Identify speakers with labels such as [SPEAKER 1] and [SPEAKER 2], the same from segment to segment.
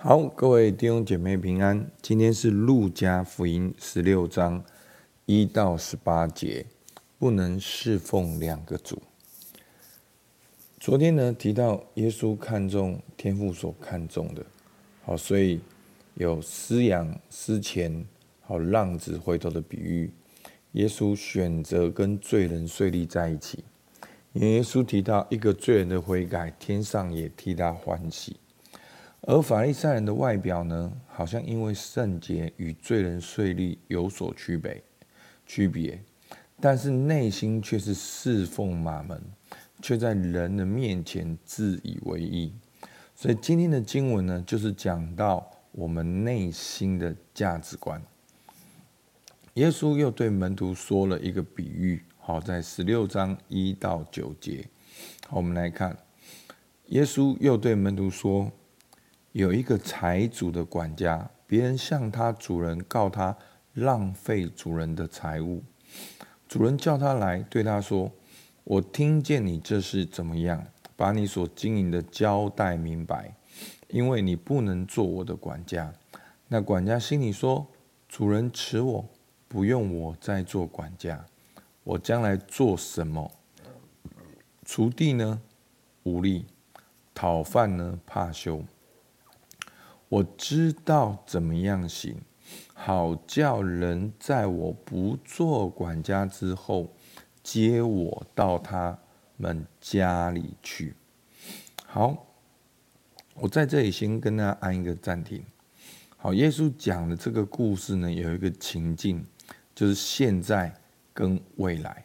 [SPEAKER 1] 好，各位弟兄姐妹平安。今天是路加福音十六章一到十八節，不能事奉兩個主。昨天呢，提到耶穌看重天父所看重的，好，所以有失羊失錢，好浪子回頭的比喻。耶穌選擇跟罪人稅吏在一起。因為耶穌提到一個罪人的悔改，天上也替他歡喜。而法利賽人的外表呢，好像因為聖潔與罪人稅吏有所區別，區別，但是內心卻是事奉瑪門，卻在人的面前自以為義。所以今天的經文呢，就是講到我們內心的價值觀。耶穌又對門徒說了一個比喻，好，在十六章一到九節。好，我們來看，耶穌又對門徒說。有一個財主的管家，別人向他主人告他浪費主人的財物，主人叫他來，對他說：“我聽見你這事怎麼樣？把你所經營的交代明白，因為你不能做我的管家。”那管家心裡說：“主人辭我，不用我再做管家，我將來做什麼？鋤地呢，無力；討飯呢，怕羞。”我知道怎麼樣行，好叫人在我不做管家之後，接我到他們家裡去。好，我在這裡先跟大家按一個暫停。好，耶穌講的這個故事呢，有一個情境，就是現在跟未來。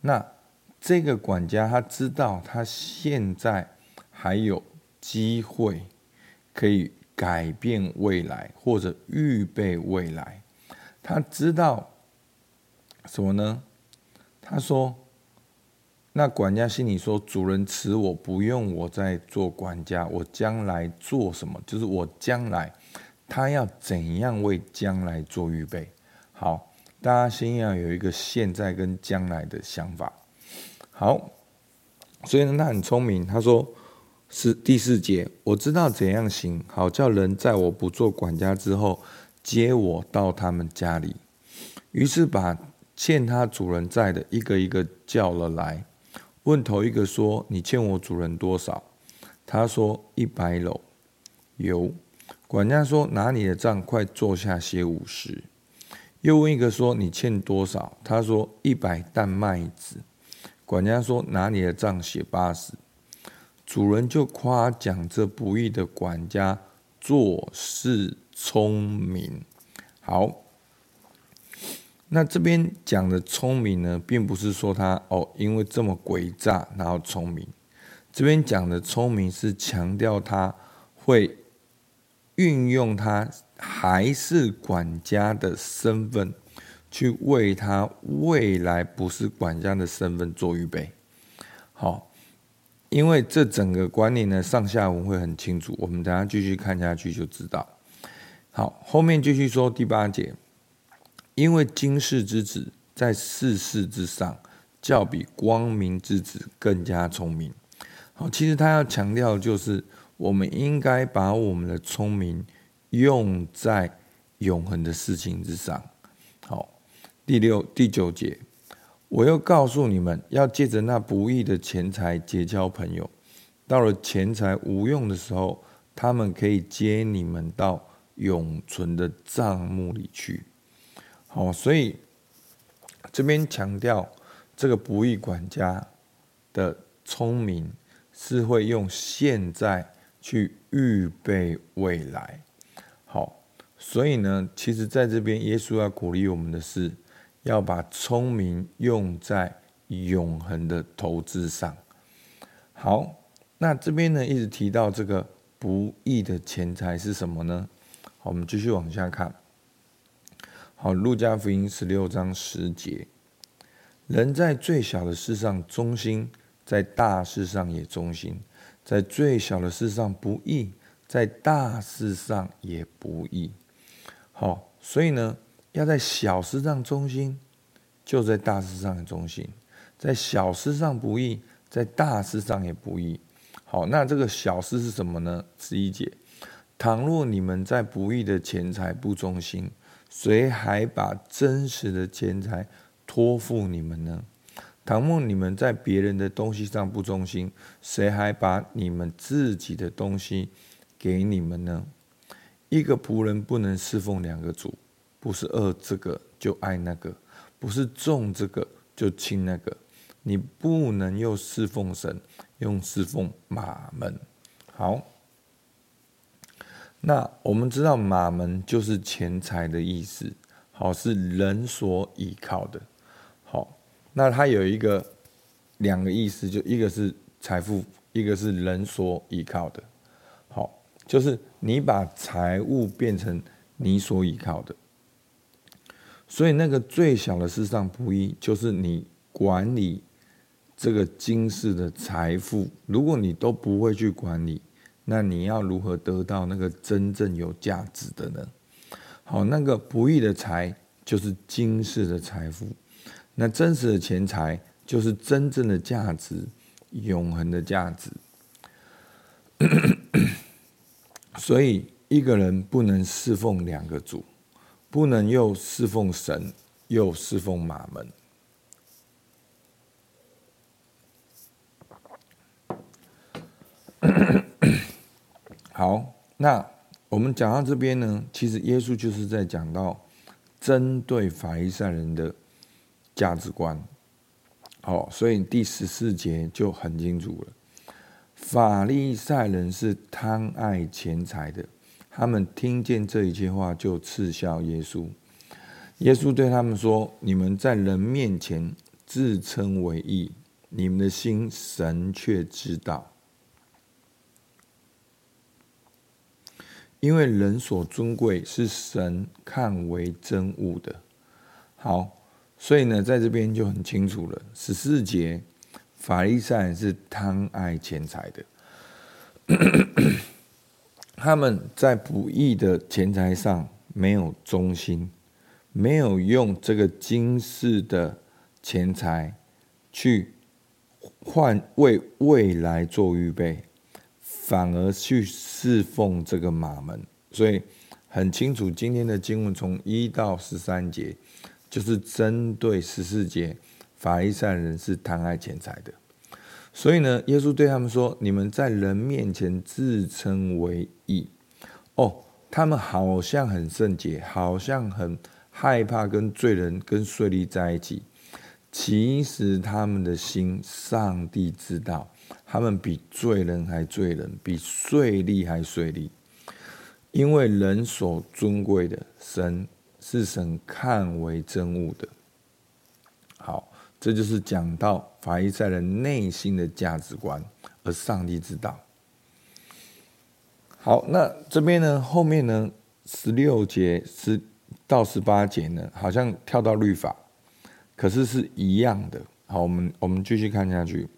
[SPEAKER 1] 那這個管家他知道，他現在還有機會可以。改變未來或者預備未來，他知道什麼呢？他說：“那管家心裡說，主人辭我，不用我再做管家，我將來做什麼？就是我將來，他要怎樣為將來做預備？好，大家先要有一個現在跟將來的想法。好，所以呢，他很聰明，他說。”是第四節，我知道怎樣行，好叫人在我不做管家之後，接我到他們家裡。於是把欠他主人債的一個一個叫了來，問頭一個說：“你欠我主人多少？”他說：“一百簍油。有”管家說：“拿你的賬，快坐下寫五十。”又問一個說：“你欠多少？”他說：“一百擔麥子。”管家說：“拿你的賬寫八十。”主人就誇獎這不義的管家做事聰明。好，那這邊講的聰明呢，並不是說他哦，因為這麼詭詐然後聰明。這邊講的聰明是強調他會運用他還是管家的身份，去為他未來不是管家的身份做預備。好。因為這整個觀念呢，上下文會很清楚，我們等下繼續看下去就知道。好，後面繼續說第八節，因為今世之子在世事之上，較比光明之子更加聰明。好，其實他要強調的就是，我們應該把我們的聰明用在永恆的事情之上。好，第六第九節。我又告訴你們，要借着那不義的錢財結交朋友，到了錢財無用的時候，他們可以接你們到永存的帳幕裡去。好，所以這邊強調這個不義管家的聰明是會用現在去預備未來。好，所以呢，其實在這邊，耶穌要鼓勵我們的是。要把聰明用在永恆的投資上。好，那這邊呢，一直提到這個不義的錢財是什麼呢？好，我們繼續往下看。好，路加福音十六章十節，人在最小的事上忠心，在大事上也忠心；在最小的事上不義，在大事上也不義。好，所以呢，要在小事上忠心，就在大事上也忠心。在小事上不義，在大事上也不義。好，那這個小事是什麼呢？十一節：倘若你們在不義的錢財不忠心，誰還把真實的錢財託付你們呢？倘若你們在別人的東西上不忠心，誰還把你們自己的東西給你們呢？一個僕人不能侍奉兩個主。不是惡這個就愛那個，不是重這個就輕那個。你不能又侍奉神，又侍奉馬門。好，那我們知道馬門就是錢財的意思，好，是人所依靠的。好，那它有一個兩個意思，就一個是財富，一個是人所依靠的。好，就是你把財物變成你所依靠的。所以，那個最小的事上不義，就是你管理這個今世的財富。如果你都不會去管理，那你要如何得到那個真正有價值的呢？好，那個不義的財就是今世的財富，那真實的錢財就是真正的價值，永恆的價值。 所以，一個人不能侍奉兩個主。不能又事奉神，又事奉瑪門。 好，那我們講到這邊呢，其實耶穌就是在講到針對法利賽人的價值觀。好、哦，所以第十四節就很清楚了，法利賽人是貪愛錢財的。他們聽見這一句話，就嗤笑耶穌。耶穌對他們說：“你們在人面前自稱為義，你們的心，神卻知道，因為人所尊貴是神看為憎惡的。好，所以呢，在這邊就很清楚了。十四節，法利賽是貪愛錢財的。” 他們在不義的錢財上沒有忠心，沒有用這個今世的錢財去換為未來做預備，反而去侍奉這個瑪門。所以很清楚，今天的經文從一到十三節，就是針對十四節法利賽人是貪愛錢財的。所以呢，耶穌對他們說：“你們在人面前自稱為義，哦，他們好像很聖潔，好像很害怕跟罪人、跟稅吏在一起。其實他們的心，上帝知道，他們比罪人還罪人，比稅吏還稅吏，因為人所尊貴的，神是神看為真物的。”這就是講到法利賽人內心的價值觀，而上帝知道。好，那這邊呢，後面呢，十六節十到十八節呢，好像跳到律法，可是是一樣的。好，我們我們繼續看下去，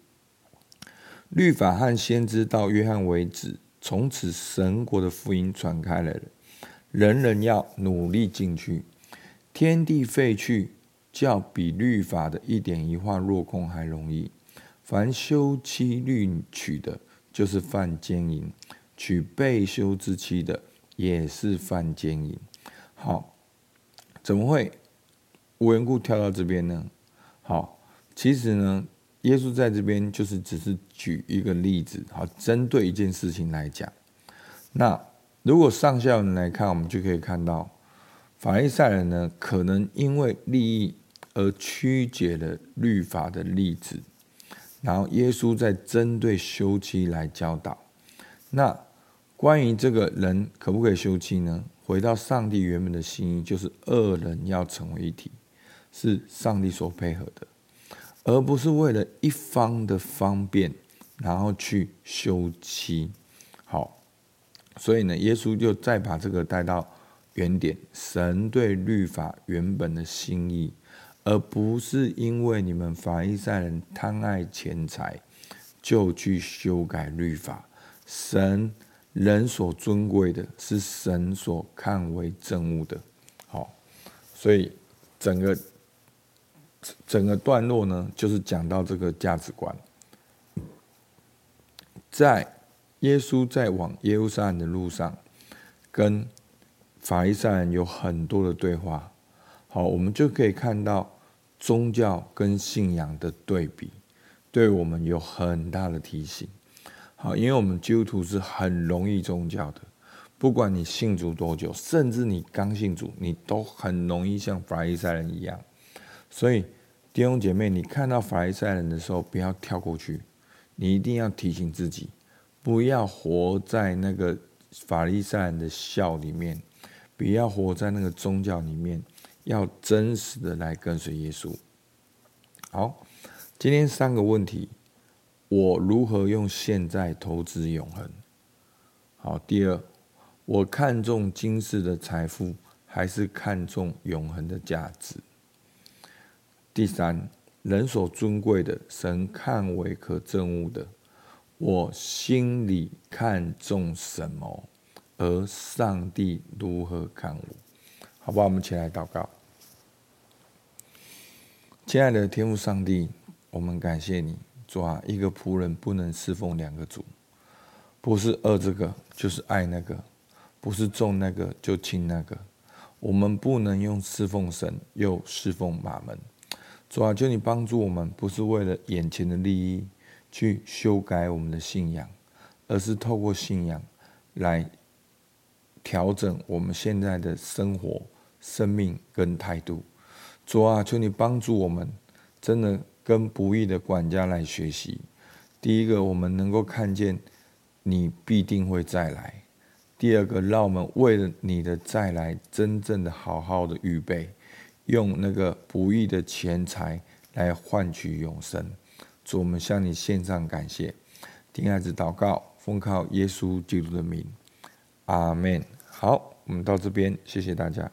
[SPEAKER 1] 律法和先知到約翰為止，從此神國的福音傳開來了，人人要努力進去，天地廢去，較比律法的一點一畫落空還容易。凡休妻另娶的，就是犯姦淫；娶被休之妻的，也是犯姦淫。好，怎麼會無緣故跳到這邊呢？好，其實呢，耶穌在這邊就是只是舉一個例子，好，針對一件事情來講。那如果上下文來看，我們就可以看到，法利賽人呢，可能因為利益。而曲解了律法的例子，然後耶穌在針對休妻來教導。那關於這個人可不可以休妻呢？回到上帝原本的心意，就是二人要成為一體，是上帝所配合的，而不是為了一方的方便，然後去休妻。好，所以呢，耶穌就再把這個帶到原點，神對律法原本的心意。而不是因為你們法利賽人貪愛錢財，就去修改律法。神人所尊貴的，是神所看為憎惡的。好，所以整個整個段落呢，就是講到這個價值觀。在耶穌在往耶路撒冷的路上，跟法利賽人有很多的對話。好，我們就可以看到宗教跟信仰的對比，對我們有很大的提醒。好，因為我們基督徒是很容易宗教的，不管你信主多久，甚至你剛信主，你都很容易像法利賽人一樣。所以弟兄姐妹，你看到法利賽人的時候，不要跳過去，你一定要提醒自己，不要活在那個法利賽人的酵裡面，不要活在那個宗教裡面。要真實的來跟隨耶穌。好，今天三個問題：我如何用現在投資永恆？好，第二，我看重今世的財富，還是看重永恆的價值？第三，人所尊貴的，神看為可憎惡的，我心裡看重什麼？而上帝如何看我？好不好？我們起來禱告。親愛的天父上帝，我們感謝你。主啊，一個僕人不能侍奉兩個主，不是惡這個就是愛那個，不是重那個就輕那個。我們不能用侍奉神又侍奉馬門。主啊，求你幫助我們，不是為了眼前的利益去修改我們的信仰，而是透過信仰來。調整我們現在的生活、生命跟態度。主啊，求你幫助我們，真的跟不義的管家來學習。第一個，我們能夠看見你必定會再來；第二個，讓我們為了你的再來，真正的好好的預備，用那個不義的錢財來換取永生。主，我們向你獻上感謝，聽孩子禱告，奉靠耶穌基督的名。阿門。好，我們到這邊，謝謝大家。